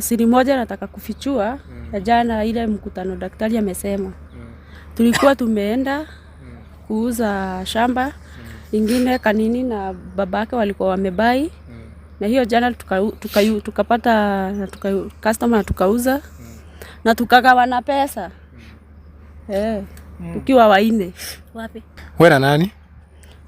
Siri moja nataka kufichua mm. ya jana ile mkutano daktari amesema mm. tulikuwa tumeenda mm. kuuza shamba mm. ingine kanini na babake walikuwa wamebai mm. na hiyo jana tukapata tuka, tuka tuka, customer na tukauza mm. na na pesa mm. eh, mm. tukiwa waine. Wapi? Wewe na nani?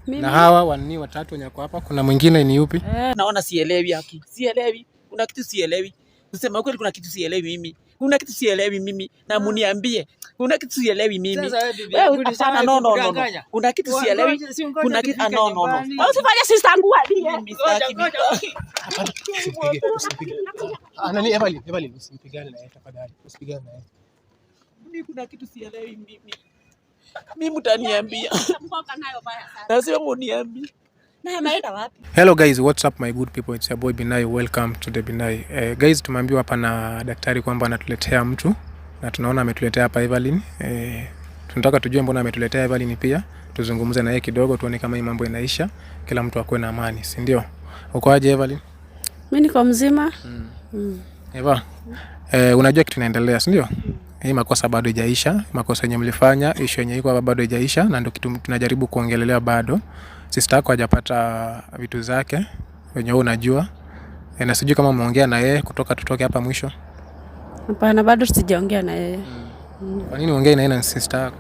Mimi. Na hawa wanini watatu wenye hapa kuna mwingine ni yupi? Eh. Naona sielewi haki. Sielewi. Kuna kitu sielewi. Sema kweli, kuna kitu sielewi mimi, kuna kitu sielewi mimi na ah. mniambie. kuna kitu sielewi mimi. Wewe hapana, no no no, kuna kitu sielewi, kuna kitu ah, no no no Wewe ah, usifanye sister angu alie. Hapana, usipige, usipige. Anani, Evelyn, Evelyn, usipigane na yeye tafadhali, usipigane na yeye. Mimi kuna kitu sielewi mimi, mimi mtaniambia, nasema mniambie. Hello guys, what's up my good people? It's your boy Binai. Welcome to the Binai. Uh, guys tumeambiwa hapa na daktari kwamba anatuletea mtu na tunaona ametuletea hapa Evelyn. Uh, tunataka tujue mbona ametuletea Evelyn pia. Tuzungumze na yeye kidogo tuone kama hii mambo inaisha, kila mtu akuwe na amani, si ndio? Uko aje Evelyn? Mimi niko mzima. Mm. Mm. Eva. Eh, unajua kitu inaendelea, si ndio? Hii makosa bado haijaisha. Makosa yenye mlifanya, issue yenye iko bado haijaisha na ndio kitu tunajaribu kuongelelea bado sister yako hajapata vitu zake wenye wewe unajua e, na sijui kama umeongea na yeye kutoka tutoke hapa mwisho. Hapana, bado sijaongea na yeye. Mm. Kwa nini uongee na yeye na sister yako?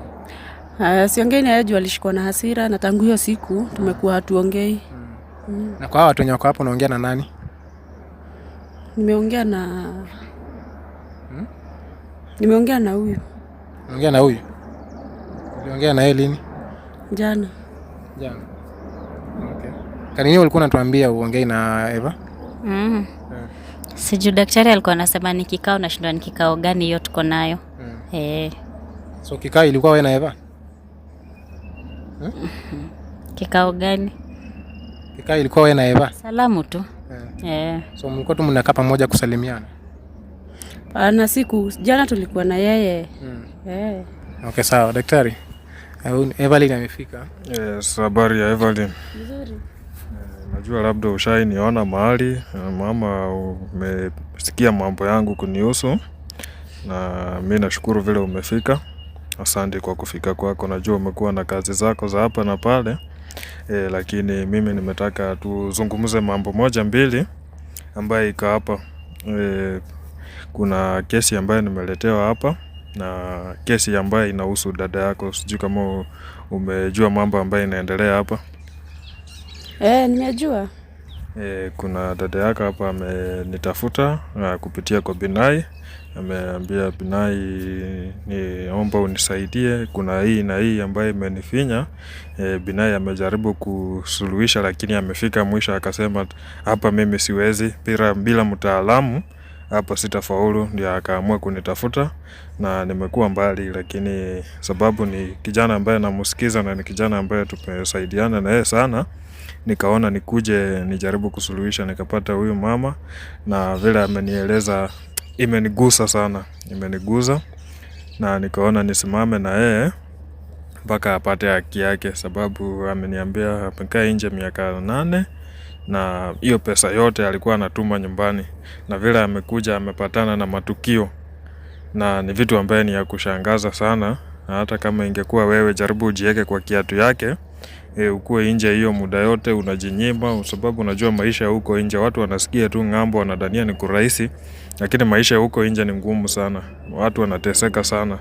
Uh, ah, siongei na yeye juu alishikwa na hasira na tangu hiyo siku tumekuwa hatuongei. Mm. Na kwa watu wenye wako hapo unaongea na nani? Nimeongea na hmm? Nimeongea na huyu. Ongea na huyu? Uliongea na yeye lini? Jana. Jana. Kanini ulikuwa natuambia uongei na Eva? Mm. Yeah. Sijui daktari alikuwa anasema ni kikao na shindwa ni kikao gani hiyo tuko nayo. Mm. Eh. So kikao ilikuwa wewe na Eva? Hmm? Kikao gani? Kikao ilikuwa wewe na Eva? Salamu tu. Yeah. Yeah. So mlikuwa tu mnakaa pamoja kusalimiana? Ana siku jana tulikuwa na yeye. Mm. Yeah. Okay, sawa daktari. Eh, Evelyn amefika. Yes, habari ya Evelyn. Nzuri. Najua labda ushaniona mahali, mama umesikia mambo yangu kunihusu na mi nashukuru vile umefika. Asante kwa kufika kwako najua umekuwa na kazi zako za hapa na pale e, Lakini mimi nimetaka tuzungumze mambo moja mbili ambaye iko hapa e, Kuna kesi ambayo nimeletewa hapa na kesi ambaye inahusu dada yako Sijui kama umejua mambo ambayo inaendelea hapa. Eh, nimejua Eh, kuna dada yako hapa amenitafuta ah, kupitia kwa Binai. Ameambia Binai, niomba unisaidie, kuna hii na hii ambayo imenifinya. Eh, Binai amejaribu kusuluhisha, lakini amefika mwisho akasema, hapa mimi siwezi bila, bila mtaalamu hapa sitafaulu. Ndio akaamua kunitafuta na nimekuwa mbali, lakini sababu ni kijana ambaye namusikiza na ni kijana ambaye tumesaidiana na yeye sana nikaona nikuje nijaribu kusuluhisha, nikapata huyu mama na vile amenieleza imenigusa sana, imenigusa na nikaona nisimame na yeye mpaka apate haki yake, sababu ameniambia amekaa nje miaka nane na hiyo pesa yote alikuwa anatuma nyumbani, na vile amekuja amepatana na matukio, na ni vitu ambaye ni ya kushangaza sana. Hata kama ingekuwa wewe, jaribu ujiweke kwa kiatu yake e, ukuwe nje hiyo muda yote unajinyima, kwa sababu unajua maisha ya huko nje, watu wanasikia tu ng'ambo, wanadania ni kurahisi, lakini maisha ya huko nje ni ngumu sana, watu wanateseka sana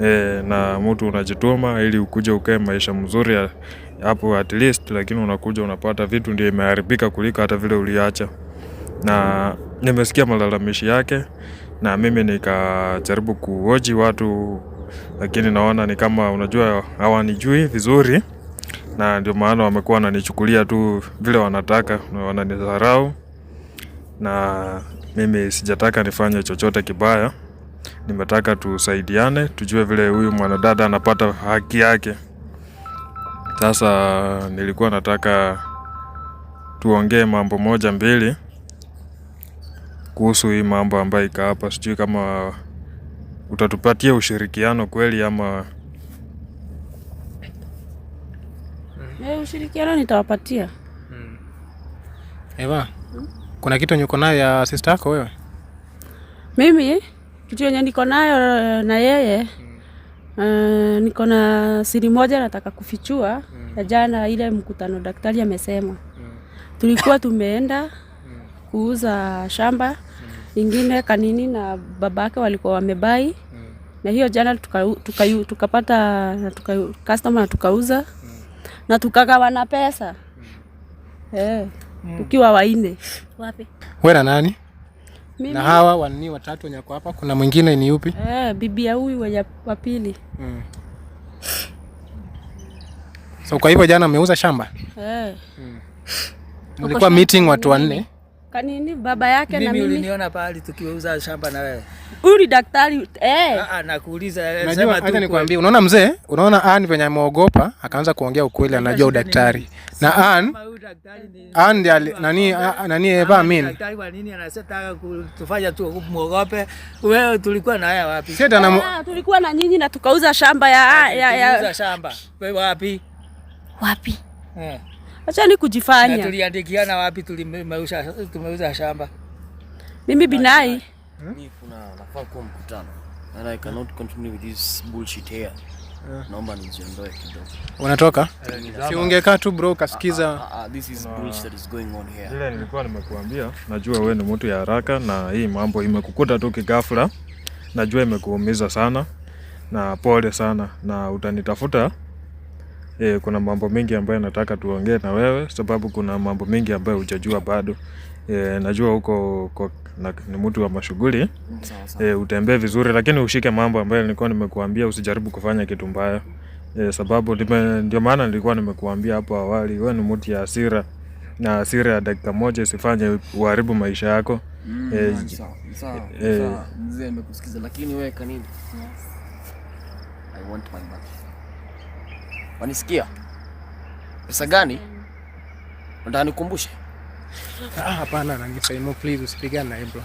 e, na mtu unajituma ili ukuje ukae maisha mzuri hapo at least, lakini unakuja unapata vitu ndio imeharibika kuliko hata vile uliacha. Na nimesikia malalamishi yake na mimi nikajaribu kuoji watu, lakini naona ni kama unajua hawanijui vizuri na ndio maana wamekuwa wananichukulia tu vile wanataka, wananidharau, na mimi sijataka nifanye chochote kibaya. Nimetaka tusaidiane, tujue vile huyu mwanadada anapata haki yake. Sasa nilikuwa nataka tuongee mambo moja mbili kuhusu hii mambo ambayo ika hapa, sijui kama utatupatia ushirikiano kweli ama Eh, ushirikiano nitawapatia. Mm. Eva, hmm? Kuna kitu niko nayo ya sister yako wewe? Mimi kitu yenye niko nayo eh, na yeye mm. Uh, niko na siri moja nataka kufichua mm. ya jana ile mkutano daktari amesema mm. tulikuwa tumeenda mm. kuuza shamba mm. ingine Kanini na babake walikuwa wamebai mm. na hiyo jana tukapata tuka, tuka, tuka, tuka, customer na tukauza na tukagawana pesa mm. eh, mm. tukiwa waine. Wapi wewe na nani? Mimi. Na hawa wani watatu wenye kwa hapa, kuna mwingine ni yupi? Eh, bibi ya huyu wenye wa pili. Mm. So kwa hivyo jana mmeuza shamba? Eh. Mm. Mlikuwa meeting watu wanne? Kanini baba yake mimi na mimi. Mimi uliniona pale tukiuza shamba na wewe. Uli daktari eh. Ah, ah nakuuliza eh, sema tu. Acha nikwambie, unaona mzee, unaona Ann venye ameogopa akaanza kuongea ukweli, anajua udaktari. Na Ann Ann nani nani Eva Amin. Daktari kwa nini anasema kutufanya tu muogope? Wewe tulikuwa na haya wapi? Sasa tana... Ah, tulikuwa na nyinyi na tukauza shamba ya ah, ya ya tukauza shamba. Wewe wapi? Wapi? Eh. Acha ni kujifanya. Na tuliandikiana wapi tulimeuza tumeuza shamba? Mimi Binai. Hmm? kuna nafaa kuwa mkutano. And I cannot continue with this bullshit here. Naomba nijiondoe kidogo. Unatoka? Eh, si ungekaa tu bro kasikiza. Ah, ah, ah, this is bullshit that is going on here. Ile nilikuwa nimekuambia, najua wewe ni mtu ya haraka na hii mambo imekukuta tu kigafla. Najua imekuumiza sana na pole sana na utanitafuta. E, kuna mambo mengi ambayo nataka tuongee na wewe sababu kuna mambo mengi ambayo hujajua bado e, najua huko kwa, na, ni mtu wa mashughuli e, utembee vizuri, lakini ushike mambo ambayo nilikuwa nimekuambia. Usijaribu kufanya kitu mbaya e, sababu ndio maana nilikuwa nimekuambia hapo awali, wewe ni mtu ya hasira na hasira ya dakika moja isifanye uharibu maisha yako. Wanisikia pesa gani? Nataka nikukumbushe Ah, hapana, nangisaimo please, usipigane naye bro.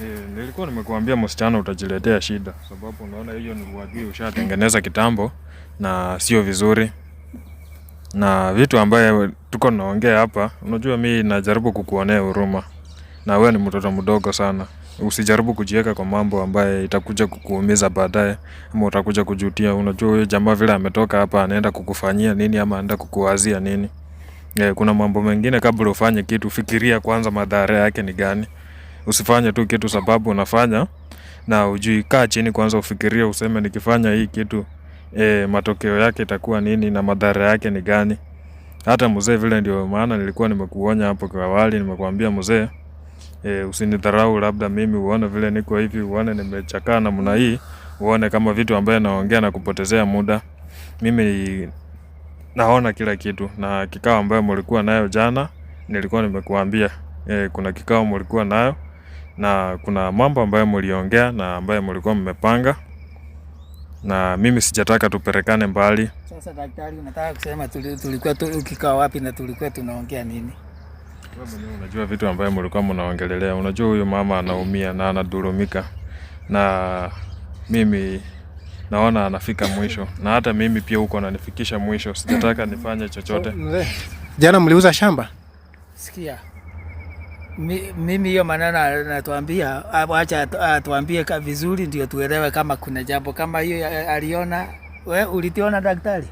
Eh, nilikuwa nimekuambia msichana utajiletea shida, sababu unaona hiyo ni uadui ushatengeneza kitambo na sio vizuri, na vitu ambaye tuko naongea hapa, unajua mi najaribu kukuonea huruma na wewe ni mtoto mdogo sana, usijaribu kujiweka kwa mambo ambaye itakuja kukuumiza baadaye, ama utakuja kujutia. Unajua huyo jamaa vile ametoka hapa, anaenda kukufanyia nini ama anaenda kukuwazia nini? Yeah, kuna mambo mengine kabla ufanye kitu fikiria kwanza madhara yake ni gani. Usifanye tu kitu sababu unafanya na ujui. Kaa chini kwanza ufikirie, useme nikifanya hii kitu e, matokeo yake itakuwa nini na madhara yake ni gani. Hata mzee, vile ndio maana nilikuwa nimekuonya hapo kwa awali, nimekuambia mzee e, usinidharau. Labda mimi uone vile niko hivi, uone nimechakaa namna hii, uone kama vitu ambaye naongea na kupotezea muda mimi naona kila kitu, na kikao ambayo mlikuwa nayo jana nilikuwa nimekuambia e, kuna kikao mlikuwa nayo na kuna mambo ambayo mliongea na ambayo mlikuwa mmepanga, na mimi sijataka tuperekane mbali. Sasa daktari, unataka kusema tulikuwa kikao wapi na tulikuwa tunaongea nini? Unajua vitu ambayo mlikuwa mnaongelelea. Unajua huyu mama anaumia na anadhulumika na mimi naona anafika mwisho, na hata mimi pia huko ananifikisha mwisho. Sijataka nifanye chochote. Jana mliuza shamba? Sikia mi, mimi hiyo maneno natuambia, acha atuambie vizuri ndio tuelewe kama kuna jambo kama hiyo aliona. We ulitiona daktari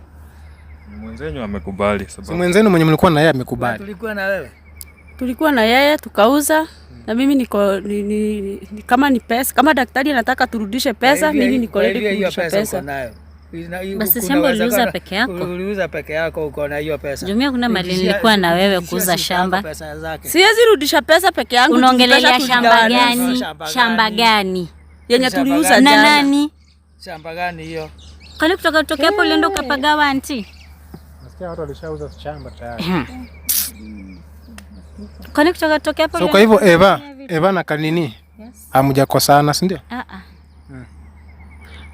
mwenzenu? amekubali? Sababu mwenye mlikuwa na yeye amekubali. Tulikuwa na wewe, tulikuwa na yeye tukauza na mimi niko ni, ni, ni, kama ni pesa kama daktari anataka turudishe pesa, mimi niko ready kurudisha pesa. Basi shamba uliuza peke yako, uliuza peke yako, uko na hiyo pesa. Jumia, kuna mali nilikuwa na wewe kuuza shamba, siwezi rudisha pesa peke yangu. Unaongelea shamba gani? Shamba gani yenye tuliuza na nani? Shamba gani hiyo? Kwani kutoka hapo ulienda ukapagawa anti? Nasikia watu walishauza shamba tayari. Hmm. Kwani kutoka tokea hapo. So kwa hivyo Eva, Eva na Kanini yes. hamjakosana, si ndio? Ah, ah.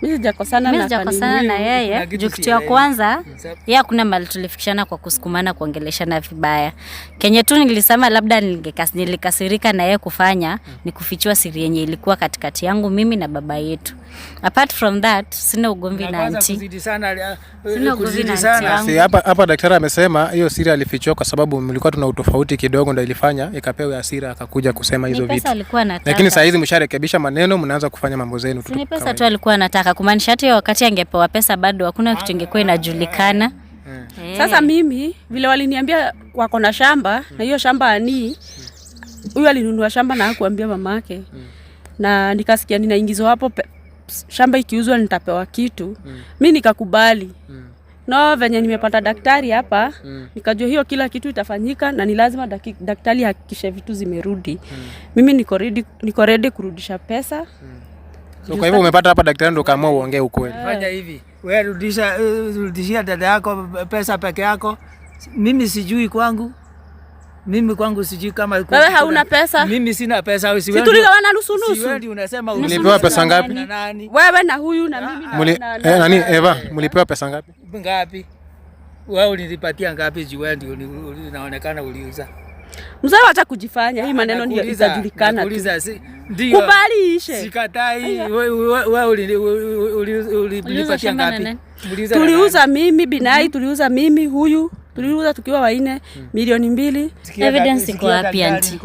Mimi sijakosana na sijakosana na yeye juu kitu ya kwanza yeye kuna mali tulifikishana kwa kusukumana kuongeleshana vibaya. Kenye tu nilisema labda nilikasirika na yeye kufanya hmm. ni kufichua siri yenye ilikuwa katikati yangu mimi na baba yetu. Apart from that sina ugomvi na anti. Eh, eh, sina ugomvi na anti. Hapa hapa daktari amesema hiyo siri alifichua kwa sababu mlikuwa tuna utofauti kidogo, ndio ilifanya ikapewa hasira akakuja kusema hizo vitu. Lakini saa hizi msharekebisha maneno, mnaanza kufanya mambo zenu tu. Ni pesa tu alikuwa anataka kutaka kumaanisha hata wakati angepewa pesa bado hakuna kitu ingekuwa inajulikana. Eh. Sasa mimi vile waliniambia wako na shamba na hiyo shamba ni huyu alinunua shamba na hakuambia mamake, na nikasikia ninaingizwa hapo shamba ikiuzwa nitapewa kitu mm. Mi nikakubali mm. No, venye nimepata daktari hapa mm. Nikajua hiyo kila kitu itafanyika na ni lazima daktari hakikishe vitu zimerudi mm. Mimi niko redi kurudisha pesa mm. So kwa hivyo umepata hapa daktari ndo kaamua uongee ukweli. Fanya eh. hivi. Wewe rudisha eh, rudishia dada yako pesa peke yako. Mimi sijui kwangu. Mimi kwangu sijui kama iko. Wewe hauna pesa? Mimi sina pesa au siwendi. Situligawana nusu nusu. ndio unasema ulipewa pesa ngapi? Wewe na huyu na mimi na eh, nani? nani Eva, mlipewa pesa ngapi? Ngapi? Wewe ulinipatia ngapi ndio unaonekana uliuza. Mzee acha kujifanya. Hii maneno ni yajulikana tu. Ndio. Sikatai. Wewe ulinipatia ngapi? Tuliuza mimi Binai, mhm. tuliuza mimi huyu, tuliuza tukiwa waine hmm. milioni mbili. Evidence iko wapi anti?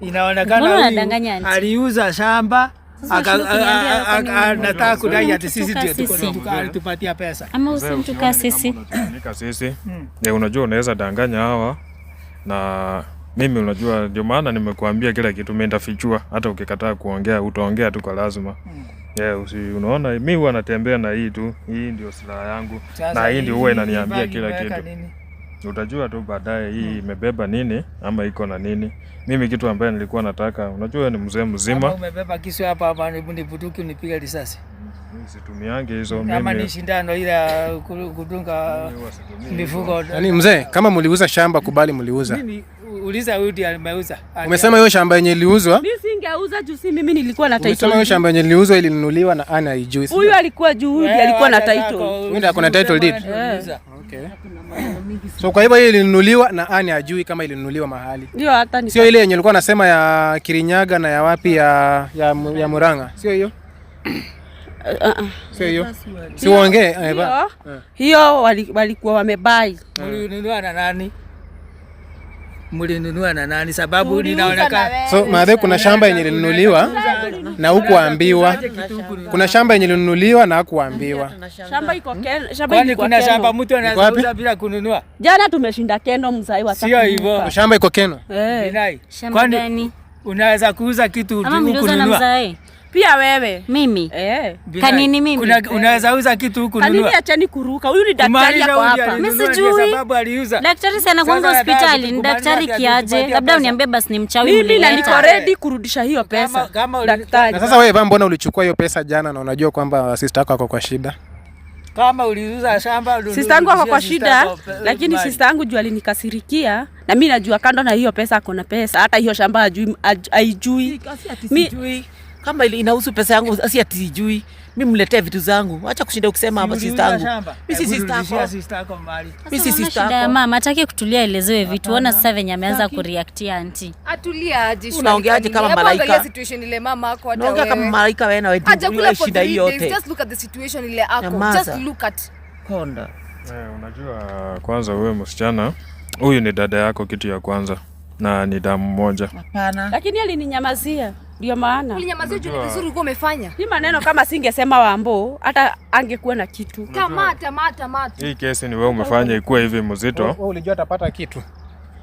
Inaonekana huyu aliuza shamba anataka kudai ati sisi pesa. Ama usimtuka sisi. Hmm. Eh, unajua unaweza danganya hawa na mimi unajua, ndio maana nimekuambia kila kitu, mimi nitafichua. Hata ukikataa kuongea, utaongea tu kwa lazima mm. Yeah, usi, unaona mimi huwa natembea na hii tu, hii ndio silaha yangu Chaza, na hii ndio huwa inaniambia kila kitu nini? Utajua tu baadaye hii imebeba hmm. imebeba nini ama iko na nini. Mimi kitu ambaye nilikuwa nataka, unajua ni mzee mzima. umebeba kisu hapa hapa nibutuki unipige risasi. situmiange hizo mimi. Kama ni shindano ile kudunga mifugo. Yaani mzee, kama mliuza shamba kubali mliuza. Mimi uliza huyu ndiye ameuza. Umesema hiyo shamba yenye iliuzwa? Mimi singeuza juu si mimi nilikuwa na title. Umesema hiyo shamba yenye iliuzwa ilinunuliwa na ana ijui. Huyu alikuwa juu, huyu ndiye eh, alikuwa na title. Mimi ndio kuna title deed. Okay. So kwa hivyo hiyo ilinunuliwa na ana ajui kama ilinunuliwa mahali. Ndio hata ni. Sio ile yenye ulikuwa nasema ya Kirinyaga na ya wapi ya ya, ya Muranga. Sio hiyo? Uh -uh. Hiyo Siongee eh, eh. hiyo, walikuwa wamebai. Mlinunua na nani? mlinunua na nani? Sababu ninaonekana so madhe, kuna shamba yenye linunuliwa na hukuambiwa, kuna shamba yenye linunuliwa na hukuambiwa. Shamba iko Kenya, shamba, iko Kenya. kuna shamba mtu anaweza kuuza bila kununua? Jana tumeshinda Kenya, mzai wa sio hivyo, shamba iko Kenya, Keno. Eh. Kwani unaweza kuuza kitu hukununua? Pia wewe. Mimi. Eh. Kanini mimi? Kuna unaweza uza kitu huku nunua. Kanini achani kuruka. Huyu ni daktari yako hapa. Mimi sijui. sababu aliuza. Daktari sana kwanza hospitali ni daktari kiaje? Labda uniambie basi ni mchawi Mimi na niko ready kurudisha hiyo pesa. Kama daktari. Na sasa wewe mbona ulichukua hiyo pesa jana na unajua kwamba sister yako ako kwa shida? Kama uliuza shamba sister yangu ako kwa shida, lakini sister yangu juu alinikasirikia na mimi najua kando na hiyo pesa ako na pesa, hata hiyo shamba ajui, ajui. Mimi kama inahusu pesa yangu, asi ati sijui mimi, mletee vitu zangu. Acha kushinda ukisema hapa si stangu, mimi si stako, mimi mama ataki kutulia, elezewe vitu. Ona sasa venye ameanza kureactia anti, Unaongeaje kama malaika? unaongea kama malaika, wewe na wewe shida hii yote. Just konda. Eh, unajua kwanza, wewe msichana huyu ni dada yako, kitu ya kwanza, na ni damu moja. Hapana, lakini alininyamazia ndio maana ulinyamazia juu vizuri ulikuwa umefanya. Hii maneno kama singesema Wambo hata angekuwa na kitu. kamata mata mata. Hii kesi ni wewe umefanya ikuwa hivi mzito. Wewe ulijua atapata kitu.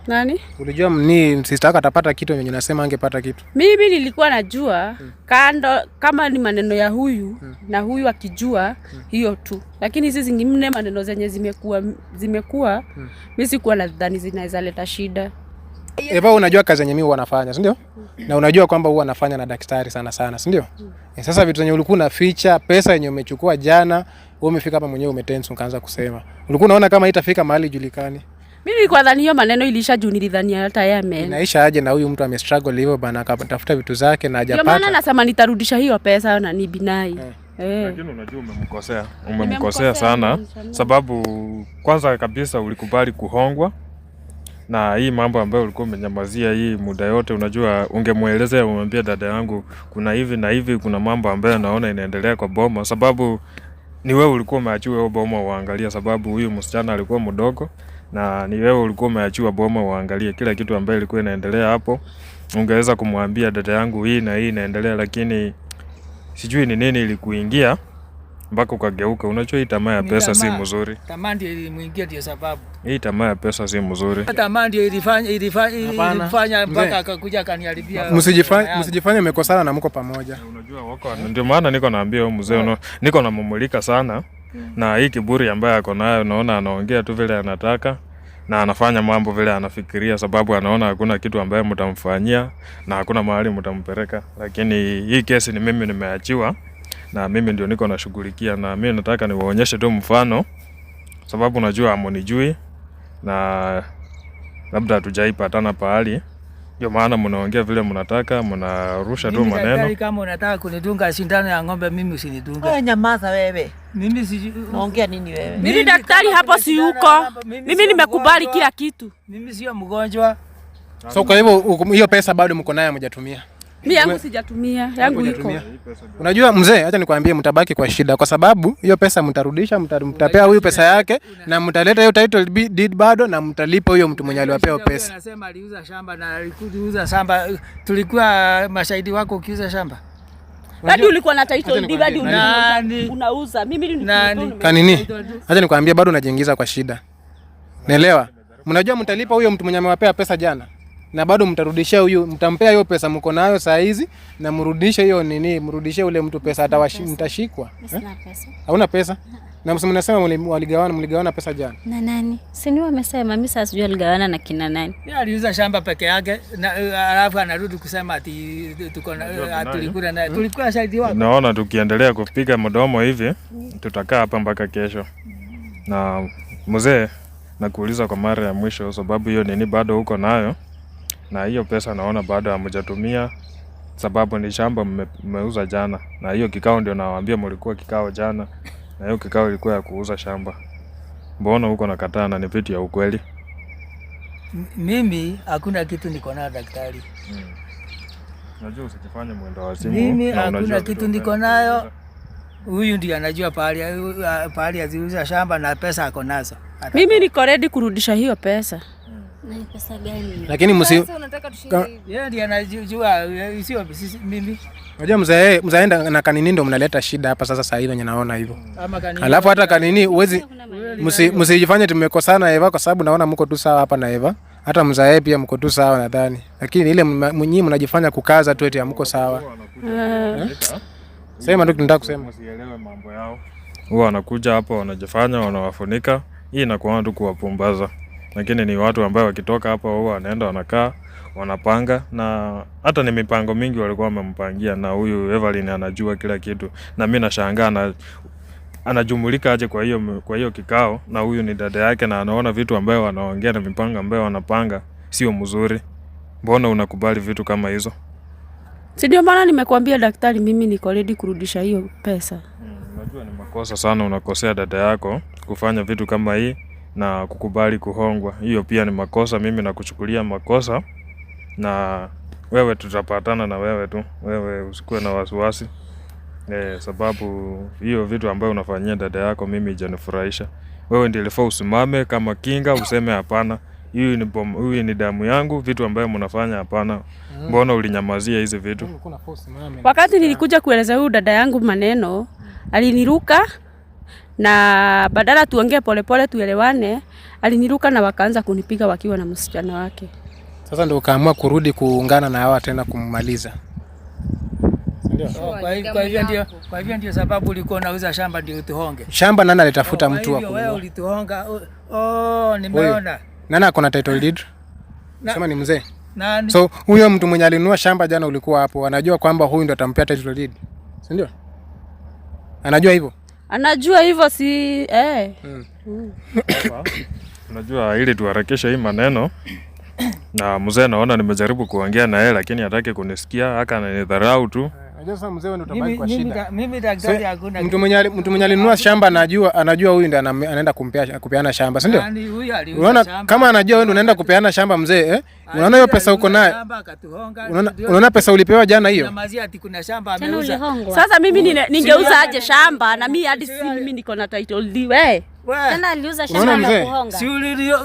Nani? Ulijua ni sister yako atapata kitu yenye nasema angepata kitu. Mimi nilikuwa najua hmm. Kando kama ni maneno ya huyu hmm. na huyu akijua hmm. hiyo tu. Lakini hizi zingine maneno zenye zimekuwa zimekuwa hmm. mimi sikuwa nadhani zinaweza leta shida. Eva, eh, unajua kazi yenye mimi wanafanya, si ndio? Na unajua kwamba huwa nafanya na daktari sana sana, si ndio? Eh, sasa vitu zenye ulikuwa na ficha, pesa yenye umechukua jana, wewe umefika hapa mwenyewe umetense ukaanza kusema. Ulikuwa unaona kama itafika mahali julikani. Mimi nilikuwa dhani hiyo maneno iliisha juu nilidhania hata yeye amen. Inaisha aje na huyu mtu ame struggle hivyo bana akatafuta vitu zake na hajapata. Ndio maana nasema nitarudisha hiyo pesa na ni Binai. Eh. Eh. Lakini unajua umemkosea, umemkosea sana sababu kwanza kabisa ulikubali kuhongwa na hii mambo ambayo ulikuwa umenyamazia hii muda yote, unajua ungemwelezea, umwambia dada yangu, kuna hivi na hivi, kuna mambo ambayo naona inaendelea kwa boma, sababu ni wewe ulikuwa umeachiwa hiyo boma uangalia, sababu huyu msichana alikuwa mdogo, na ni wewe ulikuwa umeachiwa boma uangalie kila kitu ambayo ilikuwa inaendelea hapo. Ungeweza kumwambia dada yangu, hii na hii inaendelea, lakini sijui ni nini ilikuingia mpaka ukageuka. Unajua hii tamaa ya pesa si mzuri. Tamaa ndio ilimuingia, ndio sababu hii tamaa ya pesa si mzuri. Tamaa ndio ilifanya ilifanya mpaka akakuja akaniharibia. Msijifanye msijifanye mmekosana na mko pamoja. Unajua wako, ndio maana niko naambia huyo mzee yeah. Niko namumulika sana yeah. Na hii kiburi ambaye ako nayo, naona anaongea tu vile anataka na anafanya mambo vile anafikiria, sababu anaona hakuna kitu ambaye mtamfanyia na hakuna mahali mtampeleka. Lakini hii kesi ni mimi nimeachiwa na mimi ndio niko nashughulikia, na mimi nataka niwaonyeshe tu mfano, sababu najua amonijui na labda hatujaipatana pahali, ndio maana mnaongea vile mnataka, mnarusha tu maneno. Kama unataka kunidunga sindano ya ng'ombe, mimi usinidunge. Wewe nyamaza wewe. Mimi si naongea nini wewe? Mimi daktari hapo si yuko. Mimi nimekubali kila kitu. Mimi sio mgonjwa. So kwa hivyo hiyo pesa bado mko nayo mjatumia? Mimi yangu sijatumia, yangu iko. Unajua mzee, acha nikwambie, mtabaki kwa shida, kwa sababu hiyo pesa mtarudisha, mtapea huyu pesa yake na mtaleta hiyo title deed bado na mtalipa huyo mtu mwenye aliwapea pesa. Anasema aliuza shamba na alikuuza shamba, tulikuwa mashahidi wako ukiuza shamba Bado ulikuwa na title deed bado unauza. Mimi nini? Acha nikwambie, bado unajiingiza kwa shida, naelewa. Mnajua mtalipa huyo mtu mwenye amewapea pesa jana na bado mtarudishia huyu, mtampea hiyo pesa mko nayo saa hizi, na mrudishe hiyo nini, mrudishe ule mtu pesa, atawashi mtashikwa. Eh? Hauna pesa na msema, nasema waligawana, mligawana pesa jana na nani? Si ni wamesema, mimi sasa sijui aligawana na kina nani. Yeye aliuza shamba peke yake, na eh, alafu anarudi kusema ati eh, tuko na tulikula na tulikula shahidi wako. Naona tukiendelea kupiga mdomo hivi tutakaa hapa mpaka kesho. Na mzee, nakuuliza kwa mara ya mwisho, sababu hiyo nini bado uko nayo? na hiyo pesa naona bado hamjatumia sababu ni shamba mmeuza jana, na hiyo kikao ndio nawaambia mlikuwa kikao jana, na hiyo kikao ilikuwa ya kuuza shamba. Mbona huko nakataa na vitu ya ukweli? mimi hakuna kitu niko nayo daktari. Hmm. Najua usikifanye mwendo wa simu. Mimi hakuna kitu niko nayo. Huyu ndiye anajua pahali pahali aziuza shamba na pesa ako nazo. Mimi niko ready kurudisha hiyo pesa. Hmm. Lakini msi unajua mzee mzaenda na kanini ndo mnaleta shida hapa sasa. Sahii venye naona hivyo, hmm. alafu hata kanini uwezi msijifanye tumekosana Eva, kwa sababu naona mko tu sawa hapa na Eva hata mzae pia mko tu sawa nadhani, lakini ile mnyii mnajifanya kukaza tu eti amko sawa. Sema tu tunataka kusema, sielewe mambo yao, huwa wanakuja hapa wanajifanya wanawafunika. Hii inakuwa tu kuwapumbaza lakini ni watu ambao wakitoka hapa huwa wanaenda wanakaa wanapanga, na hata ni mipango mingi walikuwa wamempangia, na huyu Evelyn anajua kila kitu, na mimi nashangaa na anajumulika aje kwa hiyo kwa hiyo kikao, na huyu ni dada yake, na anaona vitu ambayo wanaongea na mipango ambayo wanapanga sio mzuri. Mbona unakubali vitu kama hizo? Si ndio maana nimekuambia daktari, mimi niko ready kurudisha hiyo pesa. Hmm, unajua ni makosa sana, unakosea dada yako kufanya vitu kama hii na kukubali kuhongwa. Hiyo pia ni makosa, mimi nakuchukulia makosa, na wewe tutapatana na wewe tu, wewe usikuwe na wasiwasi e, sababu hiyo vitu ambayo unafanyia dada yako mimi ijanifurahisha. Wewe ndio ilifaa usimame kama kinga, useme hapana, huyu ni huyu ni damu yangu, vitu ambayo mnafanya hapana. Mm. Mbona ulinyamazia hizi vitu? Wakati nilikuja kueleza huyu dada yangu maneno, aliniruka na badala tuongee polepole tuelewane, aliniruka na wakaanza kunipiga wakiwa na msichana wake. Sasa ndio ukaamua kurudi kuungana na hawa tena kummaliza? Ndio. Oh, kwa hivyo ndio, kwa hivyo ndio sababu ulikuwa unauza shamba ndio utuhonge shamba? Nani alitafuta? Oh, mtu wa kununua. Wewe ulituhonga. Oh, nimeona. Nani akona title deed? Sema ni mzee nani? So huyo mtu mwenye alinunua shamba jana, ulikuwa hapo, anajua kwamba huyu ndo atampea title deed, si ndio? Anajua hivyo anajua hivyo si eh. Mm. Mm. Unajua ili tuharakishe hii maneno na mzee naona nimejaribu kuongea na yeye lakini hataki kunisikia, haka ananidharau tu. Eh, mtu mwenye alinunua shamba anajua, anajua huyu ndiye anaenda kupeana shamba, si ndio? Yaani Unaona kama anajua wewe ndio unaenda kupeana shamba mzee eh? Unaona hiyo pesa uko naye? unaona pesa ulipewa jana hiyo. Sasa mimi ningeuza aje shamba na mimi hadi si mimi niko na title deed wewe. Tena aliuza shamba na kuhonga.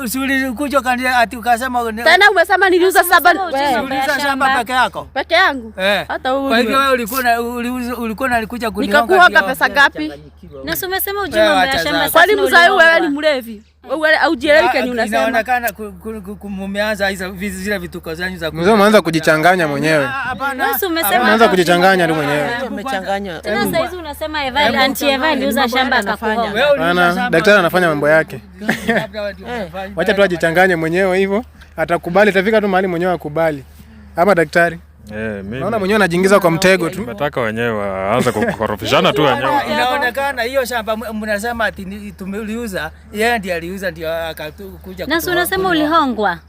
Si ulikuja kaniambia ati ukasema tena umesema niliuza shamba. Niliuza shamba peke yako. Peke yangu. Eh. Hata wewe. Kwa hivyo wewe ulikuwa ulikuwa nalikuja kunihonga. Nikakuhonga pesa yaani gapi? Na umesema ujumbe eh, wa shamba sasa. Kwani mzai wewe ni mlevi? Inaonekana umeanza kujichanganya mwenyewe. Ah, umeanza kujichanganya tu mwenyewe. daktari anafanya mambo yake. Wacha tu ajichanganye mwenyewe hivyo, atakubali, atafika tu mahali mwenyewe akubali, ama daktari Yeah, naona mwenyewe anajiingiza kwa mtego tu. Nataka wenyewe waanze kukorofishana tu wenyewe. Inaonekana hiyo shamba mnasema ati tumeuliuza, yeye ndiye aliuza ndio akakuja. Na unasema ulihongwa?